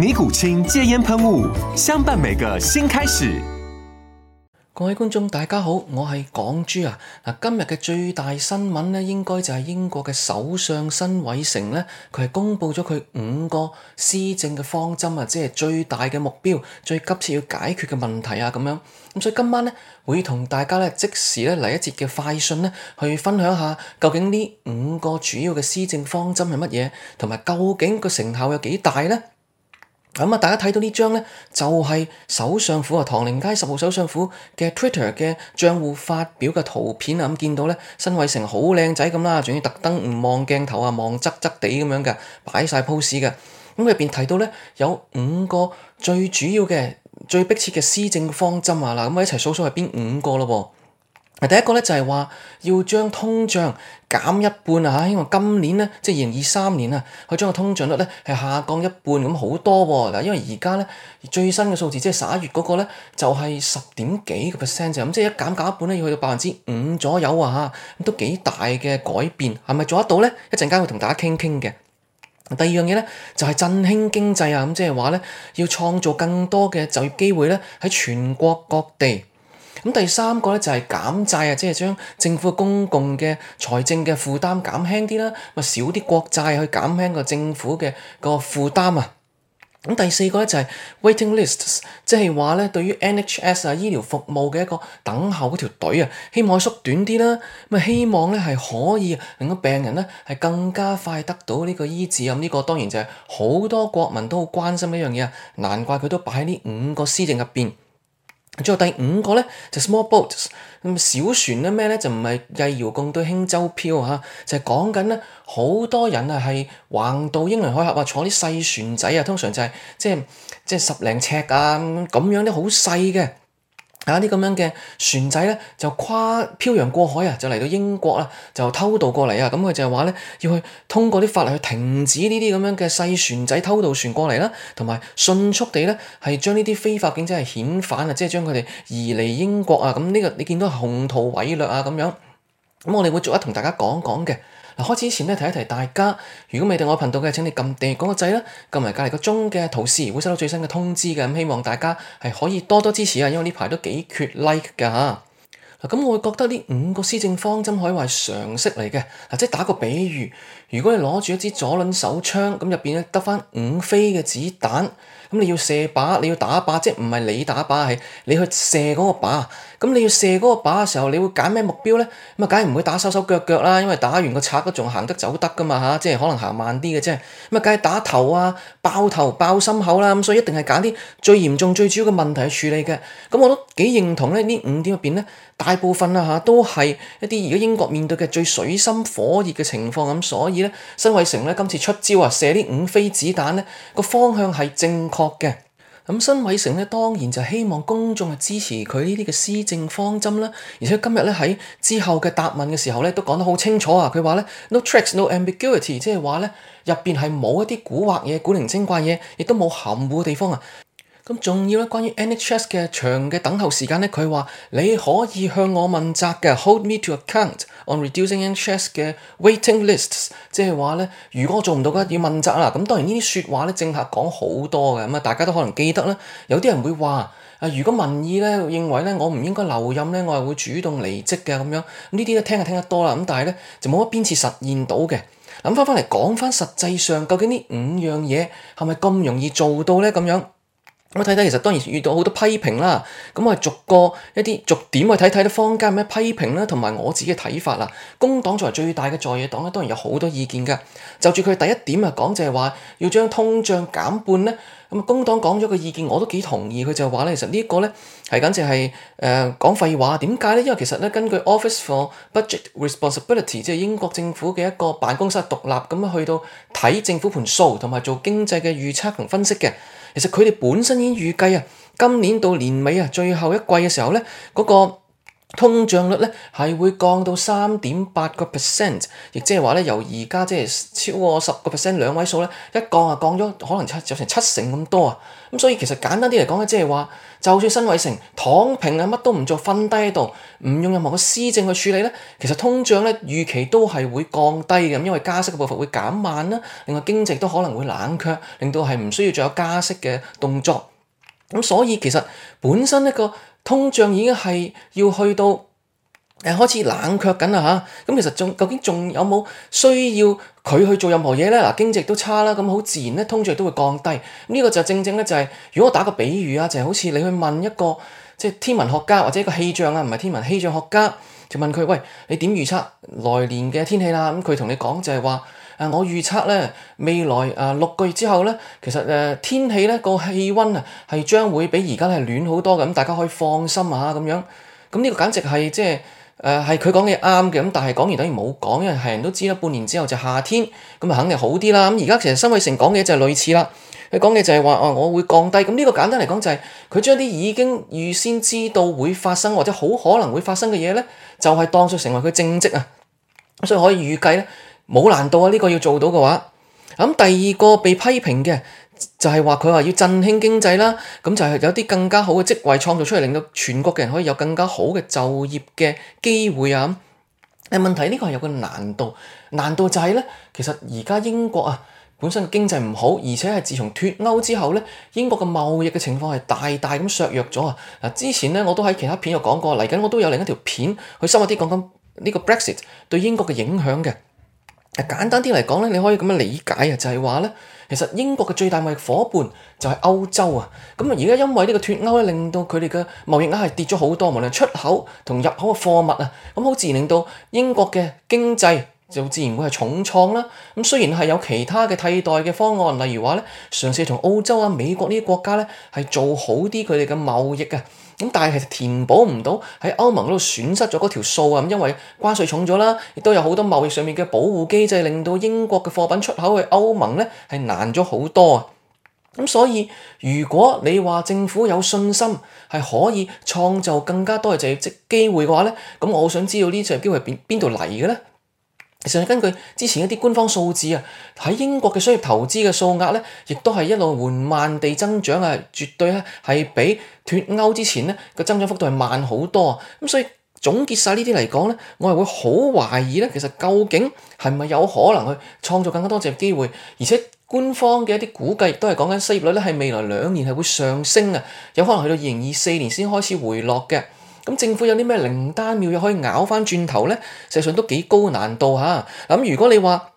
尼古清戒煙噴霧，相伴每個新開始。各位觀眾，大家好，我係港珠啊。今日嘅最大新聞咧，應該就係英國嘅首相辛偉誠咧，佢係公布咗佢五個施政嘅方針啊，即係最大嘅目標、最急切要解決嘅問題啊，咁樣。咁所以今晚呢，會同大家呢，即時咧嚟一節嘅快訊呢，去分享下究竟呢五個主要嘅施政方針係乜嘢，同埋究竟個成效有幾大呢？咁啊、嗯，大家睇到呢張呢，就係、是、首相府啊，唐寧街十號首相府嘅 Twitter 嘅帳戶發表嘅圖片啊，咁、嗯、見到呢，辛偉誠好靚仔咁啦，仲要特登唔望鏡頭啊，望側側地咁樣嘅擺晒 pose 嘅。咁入邊提到呢，有五個最主要嘅、最迫切嘅施政方針啊，嗱、嗯，咁我一齊數數係邊五個咯。第一個咧就係話要將通脹減一半啊！嚇，因為今年咧，即係二零二三年啊，佢將個通脹率咧係下降一半咁好多喎。嗱，因為而家咧最新嘅數字，就是、即係十一月嗰個咧就係十點幾個 percent 啫。咁即係一減減一半咧，要去到百分之五左右啊！嚇，都幾大嘅改變，係咪做得到咧？一陣間會同大家傾傾嘅。第二樣嘢咧就係振興經濟啊！咁即係話咧要創造更多嘅就業機會咧喺全國各地。咁第三個咧就係減債啊，即係將政府公共嘅財政嘅負擔減輕啲啦，咪少啲國債去減輕個政府嘅個負擔啊。咁第四個咧就係 waiting list，即係話咧對於 NHS 啊醫療服務嘅一個等候嗰條隊啊，希望縮短啲啦，咪希望咧係可以令到病人咧係更加快得到呢個醫治。咁、這、呢個當然就係好多國民都好關心嘅一樣嘢啊，難怪佢都擺喺呢五個施政入邊。最後第五個呢，就、small boats，咁小船呢咩呢？就唔係曳搖共對輕舟飄嚇、啊，就係講緊呢，好多人啊係橫渡英倫海峽啊，坐啲細船仔啊，通常就係即係即係十零尺啊咁樣啲好細嘅。有啲咁樣嘅船仔咧，就跨漂洋過海啊，就嚟到英國啦，就偷渡過嚟啊。咁、嗯、佢就話咧，要去通過啲法例去停止呢啲咁樣嘅細船仔偷渡船過嚟啦，同埋迅速地咧係將呢啲非法警察係遣返、嗯這個、啊，即係將佢哋移離英國啊。咁呢個你見到係宏圖偉略啊咁樣。咁、嗯、我哋會逐一同大家講講嘅。開始之前咧，提一提大家，如果未訂閱我頻道嘅，請你撳訂閱嗰個掣啦，撳埋隔籬個鐘嘅圖示，會收到最新嘅通知嘅。咁希望大家係可以多多支持啊，因為呢排都幾缺 like 噶吓。咁、啊、我會覺得呢五個施政方針可以話係常識嚟嘅，啊，即係打個比喻，如果你攞住一支左輪手槍，咁入邊咧得翻五飛嘅子彈，咁你要射靶，你要打靶，打靶即係唔係你打靶，係你去射嗰個靶。咁你要射嗰個靶嘅時候，你會揀咩目標呢？咁啊，梗係唔會打手手腳腳啦，因為打完個賊都仲行得走得噶嘛吓，即係可能行慢啲嘅啫。咁啊，梗係打頭啊，爆頭爆心口啦，咁、啊、所以一定係揀啲最嚴重最主要嘅問題去處理嘅。咁我都幾認同呢呢五點入邊呢，大部分啦吓、啊、都係一啲而家英國面對嘅最水深火熱嘅情況，咁、啊、所以呢，辛偉誠呢，今次出招啊，射啲五飛子彈呢，個方向係正確嘅。咁新偉成辛偉誠咧，當然就希望公眾去支持佢呢啲嘅施政方針啦。而且今日咧，喺之後嘅答問嘅時候咧，都講得好清楚啊。佢話咧，No tricks，no ambiguity，即係話咧，入邊係冇一啲古惑嘢，古靈精怪嘢，亦都冇含糊嘅地方啊。咁仲要咧，關於 NHS 嘅長嘅等候時間咧，佢話你可以向我問責嘅，hold me to account on reducing NHS 嘅 waiting lists，即係話咧，如果我做唔到嘅，要問責啦。咁當然呢啲説話咧，政客講好多嘅，咁啊大家都可能記得啦，有啲人會話啊，如果民意咧認為咧，我唔應該留任咧，我係會主動離職嘅咁樣。呢啲咧聽，了聽了就聽得多啦。咁但係咧，就冇乜邊次實現到嘅。諗翻翻嚟講翻，實際上究竟呢五樣嘢係咪咁容易做到咧？咁樣？我睇睇，其實當然遇到好多批評啦。咁我係逐個一啲逐點去睇睇啲坊間咩批評啦，同埋我自己嘅睇法啦。工黨作為最大嘅在野黨咧，當然有好多意見㗎。就住佢第一點啊，講就係話要將通脹減半呢。咁工黨講咗個意見，我都幾同意。佢就話呢，其實呢個呢，係簡直係誒、呃、講廢話。點解呢？因為其實呢，根據 Office for Budget Responsibility，即係英國政府嘅一個辦公室，獨立咁樣去到睇政府盤數同埋做經濟嘅預測同分析嘅。其實佢哋本身已經預計啊，今年到年尾啊，最後一季嘅時候咧，嗰個。通脹率呢係會降到三點八個 percent，亦即係話呢，由而家即係超過十個 percent 兩位數呢，一降啊降咗可能七有成七成咁多啊！咁所以其實簡單啲嚟講呢，即係話就算辛偉誠躺平啊，乜都唔做，瞓低喺度，唔用任何嘅施政去處理呢。其實通脹呢，預期都係會降低嘅，因為加息嘅步伐會減慢啦。另外經濟都可能會冷卻，令到係唔需要再有加息嘅動作。咁所以其實本身一個。通脹已經係要去到誒、呃、開始冷卻緊啦嚇，咁、啊、其實仲究竟仲有冇需要佢去做任何嘢咧？嗱，經濟都差啦，咁好自然咧，通脹都會降低。呢、嗯這個就正正咧、就是，就係如果我打個比喻啊，就係、是、好似你去問一個即係、就是、天文學家或者一個氣象啊，唔係天文氣象學家，就問佢喂，你點預測來年嘅天氣啦？咁佢同你講就係話。我預測咧，未來誒、呃、六個月之後咧，其實誒、呃、天氣咧個氣温啊，係將會比而家咧係暖好多嘅，咁大家可以放心下、啊、咁樣。咁、嗯、呢、這個簡直係即係誒，係佢講嘅啱嘅，咁、呃、但係講完等於冇講，因為係人都知啦，半年之後就夏天，咁啊肯定好啲啦。咁而家其實辛偉誠講嘅就係類似啦，佢講嘅就係話誒，我會降低。咁、嗯、呢、這個簡單嚟講就係佢將啲已經預先知道會發生或者好可能會發生嘅嘢咧，就係、是、當作成為佢政績啊，所以可以預計咧。冇難度啊！呢、這個要做到嘅話，咁、嗯、第二個被批評嘅就係話佢話要振興經濟啦，咁就係有啲更加好嘅職位創造出嚟，令到全國嘅人可以有更加好嘅就業嘅機會啊！但問題呢、這個係有個難度，難度就係呢。其實而家英國啊本身經濟唔好，而且係自從脫歐之後呢，英國嘅貿易嘅情況係大大咁削弱咗啊！嗱，之前呢，我都喺其他片有講過，嚟緊我都有另一條片去深入啲講緊呢個 Brexit 對英國嘅影響嘅。誒簡單啲嚟講咧，你可以咁樣理解啊，就係話呢，其實英國嘅最大貿易夥伴就係歐洲啊。咁而家因為呢個脱歐咧，令到佢哋嘅貿易額係跌咗好多，無論出口同入口嘅貨物啊，咁好自然令到英國嘅經濟就自然會係重創啦。咁雖然係有其他嘅替代嘅方案，例如話呢，嘗試同澳洲啊、美國呢啲國家呢，係做好啲佢哋嘅貿易啊。咁但係其實填補唔到喺歐盟嗰度損失咗嗰條數啊！咁因為關稅重咗啦，亦都有好多貿易上面嘅保護機制，令到英國嘅貨品出口去歐盟咧係難咗好多啊！咁所以如果你話政府有信心係可以創造更加多嘅就職機會嘅話咧，咁我想知道機呢啲就職機會邊邊度嚟嘅咧？其實根據之前一啲官方數字啊，喺英國嘅商業投資嘅數額咧，亦都係一路緩慢地增長啊，絕對咧係比脫歐之前咧個增長幅度係慢好多。啊。咁所以總結晒呢啲嚟講咧，我係會好懷疑咧，其實究竟係咪有可能去創造更加多就業機會？而且官方嘅一啲估計亦都係講緊失業率咧係未來兩年係會上升啊，有可能去到二零二四年先開始回落嘅。咁政府有啲咩靈丹妙藥可以拗翻轉頭咧？實際上都幾高難度嚇。咁如果你話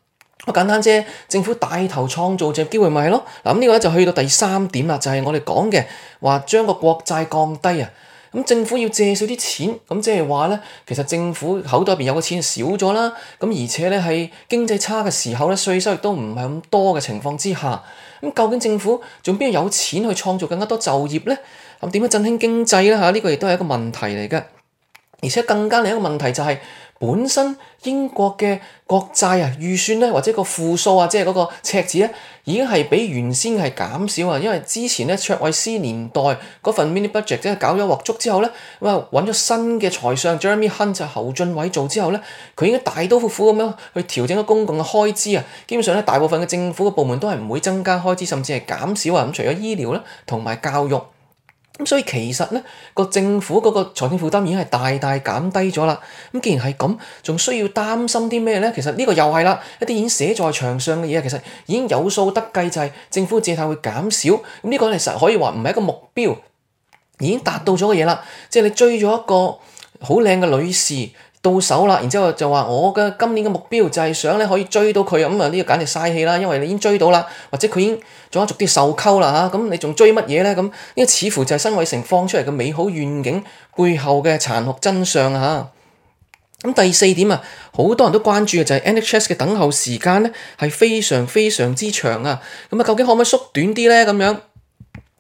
我簡單啫、就係，政府帶頭創造嘅機會咪係咯？嗱、咁、呢個咧就去到第三點啦，就係、係、我哋講嘅話將個國債降低啊。咁政府要借少啲錢，咁即係話呢，其實政府口袋入邊有嘅錢少咗啦。咁而且呢，喺經濟差嘅時候呢，稅收亦都唔係咁多嘅情況之下，咁究竟政府仲邊有錢去創造更加多就業呢？咁點樣振興經濟呢？嚇，呢個亦都係一個問題嚟嘅，而且更加另一個問題就係本身英國嘅國債啊、預算呢，或者個負數啊，即係嗰個赤字呢，已經係比原先係減少啊。因為之前呢，卓慧思年代嗰份 mini budget 即係搞咗鑊粥之後呢，哇，揾咗新嘅財相 Jeremy Hunt 就係侯俊偉做之後呢，佢已經大刀闊斧咁樣去調整咗公共嘅開支啊。基本上呢，大部分嘅政府嘅部門都係唔會增加開支，甚至係減少啊。咁除咗醫療咧，同埋教育。咁所以其實咧，個政府嗰個財政負擔已經係大大減低咗啦。咁既然係咁，仲需要擔心啲咩咧？其實呢個又係啦，一啲已經寫在牆上嘅嘢，其實已經有數得計，就係政府借貸會減少。咁、這、呢個係實可以話唔係一個目標，已經達到咗嘅嘢啦。即係你追咗一個好靚嘅女士。到手啦，然之後就話我嘅今年嘅目標就係想你可以追到佢啊，咁啊呢個簡直嘥氣啦，因為你已經追到啦，或者佢已經做咗逐啲受溝啦嚇，咁你仲追乜嘢呢？咁呢個似乎就係辛偉誠放出嚟嘅美好願景背後嘅殘酷真相嚇。咁第四點啊，好多人都關注嘅就係、是、NHS 嘅等候時間呢，係非常非常之長啊，咁啊究竟可唔可以縮短啲呢？咁樣。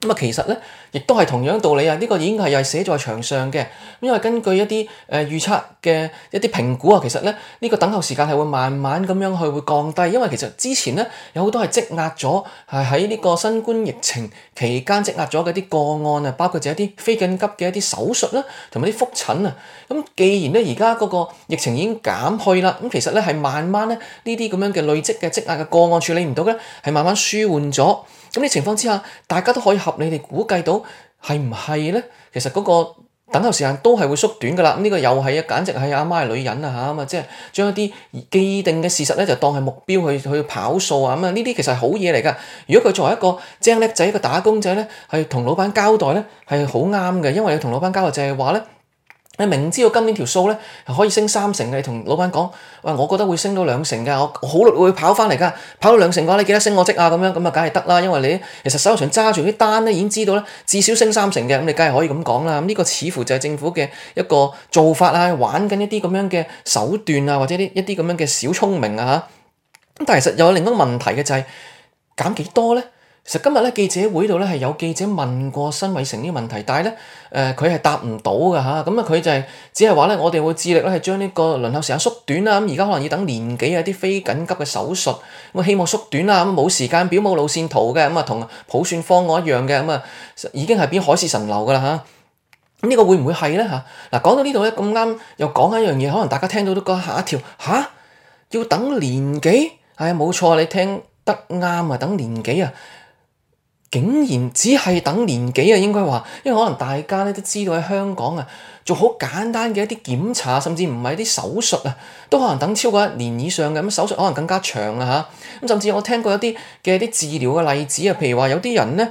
咁啊，其實咧，亦都係同樣道理啊！呢個已經係又係寫在牆上嘅。咁因為根據一啲誒預測嘅一啲評估啊，其實咧，呢個等候時間係會慢慢咁樣去會降低，因為其實之前咧有好多係積壓咗，係喺呢個新冠疫情期間積壓咗嘅啲個案啊，包括就一啲非緊急嘅一啲手術啦，同埋啲覆診啊。咁、嗯、既然咧而家嗰個疫情已經減去啦，咁其實咧係慢慢咧呢啲咁樣嘅累積嘅積壓嘅個案處理唔到咧，係慢慢舒緩咗。咁你情況之下，大家都可以合理哋估計到係唔係咧？其實嗰個等候時間都係會縮短噶啦。呢個又係啊，簡直係阿媽係女人啊吓，咁啊即係將一啲既定嘅事實咧，就當係目標去去跑數啊，咁啊呢啲其實係好嘢嚟噶。如果佢作為一個精叻仔一個打工仔咧，係同老闆交代咧係好啱嘅，因為你同老闆交代就係話咧。你明知道今年條數咧係可以升三成嘅，你同老闆講，喂，我覺得會升到兩成嘅，我好耐會跑翻嚟噶，跑到兩成嘅話，你記得升我職啊！咁樣咁啊，梗係得啦，因為你其實手上揸住啲單咧，已經知道咧至少升三成嘅，咁你梗係可以咁講啦。咁呢個似乎就係政府嘅一個做法啦，玩緊一啲咁樣嘅手段啊，或者啲一啲咁樣嘅小聰明啊嚇。咁但係其實又有另一個問題嘅就係、是、減幾多咧？其實今日咧記者會度咧係有記者問過辛偉誠呢個問題，但係咧誒佢係答唔到噶吓，咁啊佢就係只係話咧我哋會致力咧係將呢個輪候時間縮短啦，咁而家可能要等年幾啊啲非緊急嘅手術，我、啊、希望縮短啦，咁、啊、冇時間表冇路線圖嘅，咁啊同普選方案一樣嘅，咁啊已經係變海市蜃樓噶啦吓。咁、啊、呢、這個會唔會係咧吓？嗱、啊、講到呢度咧咁啱又講一樣嘢，可能大家聽到都覺得吓一跳，吓、啊、要等年幾？係、哎、啊，冇錯，你聽得啱啊，等年幾啊？竟然只係等年幾啊？應該話，因為可能大家咧都知道喺香港啊，做好簡單嘅一啲檢查，甚至唔係啲手術啊，都可能等超過一年以上嘅。咁手術可能更加長啦嚇。咁甚至我聽過一啲嘅啲治療嘅例子啊，譬如話有啲人咧，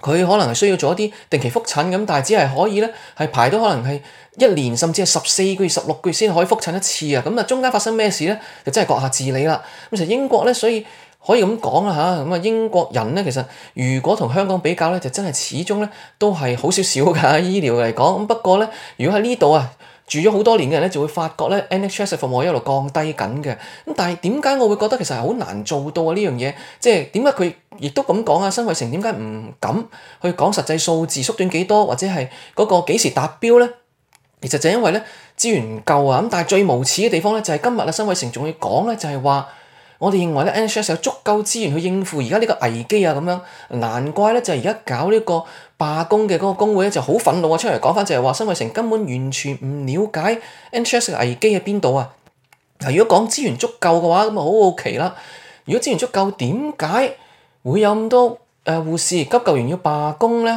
佢可能係需要做一啲定期復診咁，但係只係可以咧係排到可能係一年，甚至係十四個月、十六個月先可以復診一次啊。咁啊，中間發生咩事咧，就真係閣下自理啦。咁其實英國咧，所以。可以咁講啦嚇，咁啊英國人咧，其實如果同香港比較咧，就真係始終咧都係好少少㗎，醫療嚟講。咁不過咧，如果喺呢度啊住咗好多年嘅人咧，就會發覺咧 NHS 服務一路降低緊嘅。咁但係點解我會覺得其實係好難做到啊呢樣嘢？即係點解佢亦都咁講啊？辛偉誠點解唔敢去講實際數字縮短幾多或者係嗰個幾時達標咧？其實就因為咧資源唔夠啊。咁但係最無恥嘅地方咧，就係今日啊辛偉誠仲要講咧，就係話。我哋認為咧，NHS 有足夠資源去應付而家呢個危機啊，咁樣難怪咧就係而家搞呢個罷工嘅嗰個工會咧就好憤怒啊，出嚟講翻就係、是、話辛偉誠根本完全唔了解 NHS 嘅危機喺邊度啊！嗱，如果講資源足夠嘅話，咁啊好好奇啦。如果資源足夠，點解會有咁多誒護、呃、士急救員要罷工咧？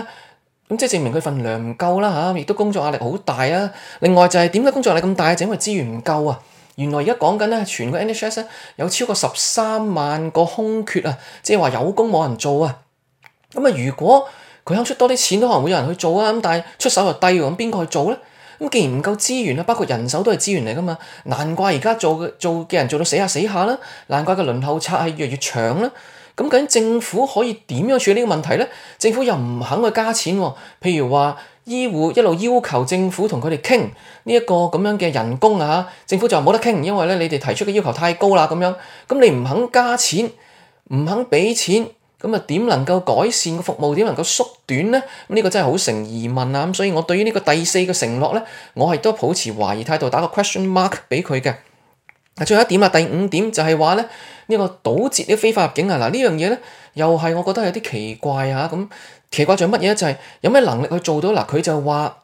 咁即係證明佢份糧唔夠啦嚇，亦、啊、都工作壓力好大啊。另外就係點解工作壓力咁大？就係、因為資源唔夠啊。原來而家講緊咧，全個 NHS 咧有超過十三萬個空缺啊，即係話有工冇人做啊。咁啊，如果佢肯出多啲錢，都可能會有人去做啊。咁但係出手又低喎，咁邊個去做咧？咁既然唔夠資源啊，包括人手都係資源嚟噶嘛，難怪而家做嘅做嘅人做到死下死下啦，難怪個輪候冊係越嚟越長啦。咁究竟政府可以點樣處理呢個問題咧？政府又唔肯去加錢喎，譬如話。醫護一路要求政府同佢哋傾呢一個咁樣嘅人工啊，政府就話冇得傾，因為咧你哋提出嘅要求太高啦咁樣，咁你唔肯加錢，唔肯畀錢，咁啊點能夠改善個服務，點能夠縮短咧？呢個真係好成疑問啊！咁所以我對於呢個第四個承諾咧，我係都抱持懷疑態度，打個 question mark 俾佢嘅。最後一點啊，第五點就係話咧，呢、這個堵截啲、這個、非法入境啊，嗱呢樣嘢咧，又係我覺得有啲奇怪嚇咁、啊。奇怪在乜嘢？就係、是、有咩能力去做到？嗱，佢就話，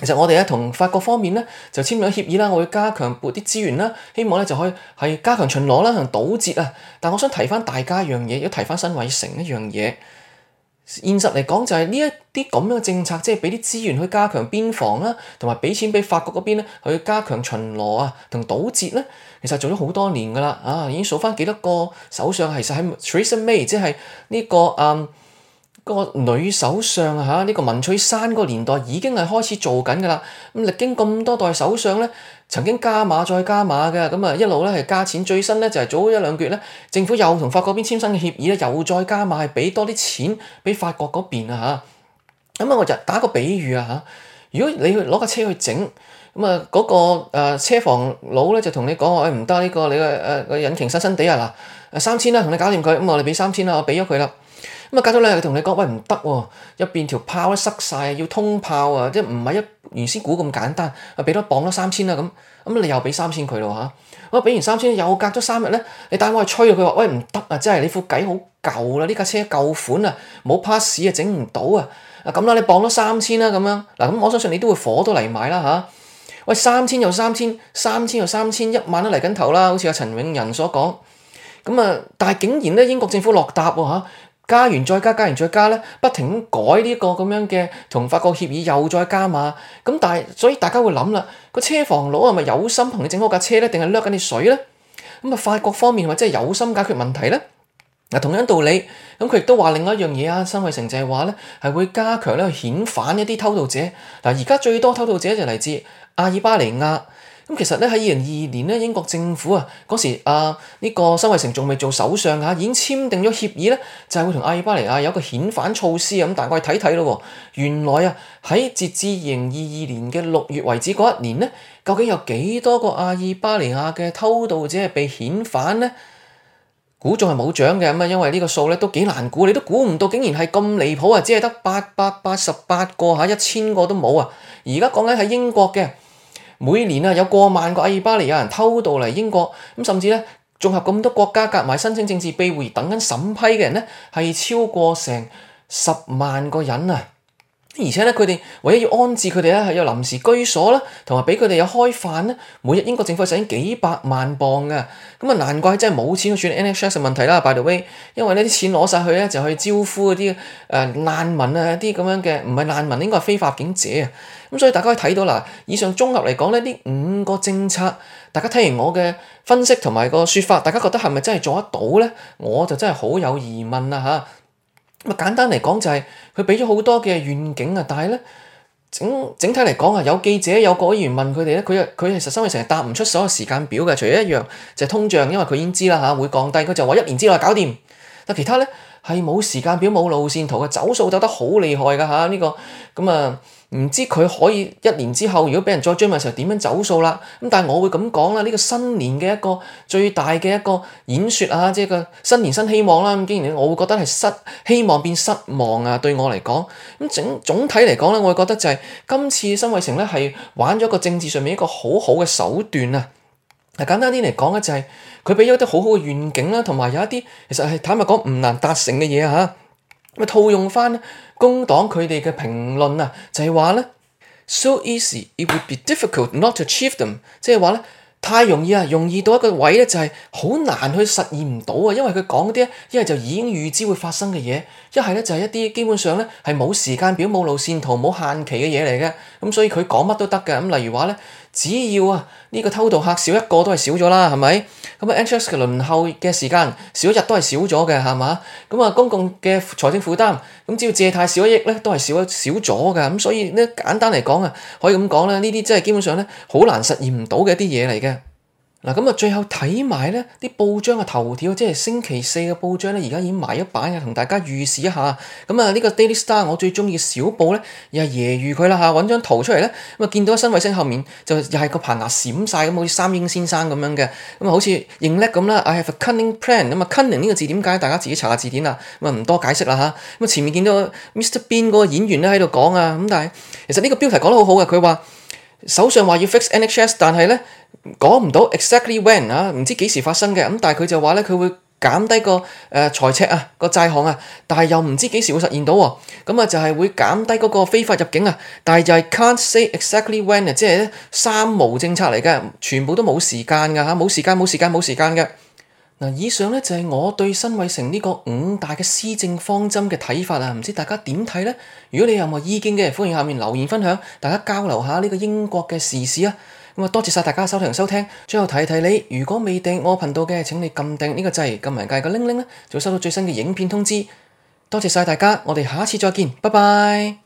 其實我哋咧同法國方面咧就簽咗協議啦，我要加強撥啲資源啦，希望咧就可以係加強巡邏啦，同堵截啊。但我想提翻大家一樣嘢，要提翻辛偉誠一樣嘢。現實嚟講就係呢一啲咁樣嘅政策，即係俾啲資源去加強邊防啦，同埋俾錢俾法國嗰邊咧去加強巡邏啊，同堵截咧。其實做咗好多年噶啦，啊，已經數翻幾多個首相。其實喺 Theresa May，即係呢、這個嗯，啊那個女首相吓，呢、啊這個文翠珊個年代已經係開始做緊噶啦。咁歷經咁多代首相咧，曾經加碼再加碼嘅，咁啊一路咧係加錢，最新咧，就係、是、早一兩月咧，政府又同法國邊簽新嘅協議咧，又再加碼，俾多啲錢俾法國嗰邊啊吓。咁啊，我就打個比喻啊吓，如果你去攞架車去整。咁、er、啊，嗰個誒車房佬咧就同你講：，喂，唔得，呢個你嘅誒個引擎新新地啊！嗱，三千啦，同你搞掂佢。咁我哋畀三千啦，我畀咗佢啦。咁啊，隔咗兩日，佢同你講：，喂，唔得喎，入邊條炮都塞曬，要通炮啊！即係唔係一原先估咁簡單？我俾、ok. 多磅多三千啦，咁咁你又畀三千佢咯嚇。咁啊，畀完三千，又隔咗三日咧，你帶我去催佢話：，喂 Old，唔得啊！即係你副偈好舊啦，呢架車舊款啊，冇 pass 啊，整唔到啊！啊咁啦，你磅多三千啦，咁樣嗱，咁我相信你都會火都嚟埋啦嚇。喂，三千又三千，三千又三千，一萬都嚟緊頭啦！好似阿陳永仁所講，咁啊，但係竟然咧英國政府落搭喎嚇，加完再加，加完再加咧，不停咁改呢、這個咁樣嘅同法國協議又再加碼，咁但係所以大家會諗啦，個車房佬係咪有心同你整好架車咧，定係掠緊啲水咧？咁啊法國方面係咪真係有心解決問題咧？嗱，同樣道理，咁佢亦都話另外一樣嘢啊，辛偉誠就係話咧，係會加強咧遣返一啲偷渡者。嗱，而家最多偷渡者就嚟自阿爾巴尼亞。咁其實咧喺二零二二年咧，英國政府啊嗰時啊呢個辛偉誠仲未做首相啊，已經簽訂咗協議咧，就係會同阿爾巴尼亞有一個遣返措施啊。咁大家睇睇咯，原來啊喺截至二零二二年嘅六月為止嗰一年咧，究竟有幾多個阿爾巴尼亞嘅偷渡者係被遣返咧？估仲係冇獎嘅，咁啊，因為呢個數咧都幾難估，你都估唔到，竟然係咁離譜啊！只係得八百八十八個吓，一千個都冇啊！而家講緊喺英國嘅，每年啊有過萬個阿爾巴尼亞人偷渡嚟英國，咁甚至咧綜合咁多國家夾埋申請政治庇護而等緊審批嘅人咧，係超過成十萬個人啊！而且咧，佢哋唯一要安置佢哋咧，係有臨時居所啦，同埋畀佢哋有開飯咧。每日英國政府使緊幾百萬磅嘅，咁啊，難怪真係冇錢去處理 NHS 嘅問題啦，By the way，因為呢啲錢攞晒去咧，就去招呼嗰啲誒難民啊，啲咁樣嘅，唔係難民，應該係非法入境者啊。咁所以大家可以睇到啦，以上綜合嚟講咧，呢五個政策，大家聽完我嘅分析同埋個説法，大家覺得係咪真係做得到咧？我就真係好有疑問啦、啊、嚇。咁簡單嚟講就係佢畀咗好多嘅願景啊，但係咧整，整體嚟講啊，有記者有個議員問佢哋咧，佢佢，其實係成日答唔出所有時間表嘅，除咗一樣就係通脹，因為佢已經知啦，嚇會降低，佢就話一年之內搞掂，但其他咧係冇時間表冇路線圖嘅，走數走得好厲害嘅嚇，呢個咁啊。唔知佢可以一年之後，如果畀人再追問嘅時候點樣走數啦？咁但係我會咁講啦，呢、呢個新年嘅一個最大嘅一個演說啊，即係個新年新希望啦。咁竟然我會覺得係失希望變失望啊，對我嚟講，咁整總體嚟講咧，我會覺得就係、是、今次辛偉誠呢係玩咗個政治上面一個好好嘅手段啊。嗱簡單啲嚟講呢就係佢畀咗啲好好嘅願景啦，同埋有，有一啲其實係坦白講唔難達成嘅嘢嚇。套用返工黨佢哋嘅評論啊，就係話呢：「So easy it would be difficult not to achieve them」，即係話呢，太容易啊，容易到一個位呢，就係好難去實現唔到啊，因為佢講嗰啲一係就已經預知會發生嘅嘢，是是一係呢就係一啲基本上呢係冇時間表、冇路線圖、冇限期嘅嘢嚟嘅，咁所以佢講乜都得嘅，咁例如話呢。只要啊呢個偷渡客少一個都係少咗啦，係咪？咁啊，NHS 嘅輪候嘅時間少一日都係少咗嘅，係嘛？咁啊，公共嘅財政負擔，咁只要借貸少一億咧，都係少少咗嘅。咁所以咧，簡單嚟講啊，可以咁講啦，呢啲真係基本上咧，好難實現唔到嘅一啲嘢嚟嘅。嗱咁啊，最後睇埋咧啲報章嘅頭條，即係星期四嘅報章咧，而家已經埋一版嘅，同大家預示一下。咁、嗯、啊，呢、這個 Daily Star 我最中意小報咧，又係揶揄佢啦嚇，揾、啊、張圖出嚟咧，咁、嗯、啊見到辛偉誠後面就又係個棚牙閃晒，咁，好似三英先生咁樣嘅。咁、嗯、啊，好似認叻咁啦，I have a cunning plan。咁、嗯、啊，cunning 呢個字點解？大家自己查下字典啦，咁啊唔多解釋啦吓，咁啊、嗯、前面見到 Mr Bean 嗰個演員咧喺度講啊，咁、嗯、但係其實呢個標題講得好好嘅，佢話。首相話要 fix NHS，但係呢，講唔到 exactly when 啊，唔知幾時發生嘅。咁但係佢就話呢，佢會減低個誒財赤啊個債項啊，但係又唔知幾時會實現到喎、哦。咁啊就係、是、會減低嗰個非法入境啊，但係就係 can't say exactly when 啊，即係三無政策嚟嘅，全部都冇時間嘅嚇，冇、啊、時間冇時間冇時間嘅。嗱，以上咧就係我對辛偉誠呢個五大嘅施政方針嘅睇法啊，唔知大家點睇咧？如果你有任何意見嘅，歡迎下面留言分享，大家交流下呢個英國嘅時事啊。咁啊，多謝晒大家收聽收聽，最後提一提你，如果未訂我頻道嘅，請你撳訂呢個掣，撳埋界個鈴鈴咧，就會收到最新嘅影片通知。多謝晒大家，我哋下次再見，拜拜。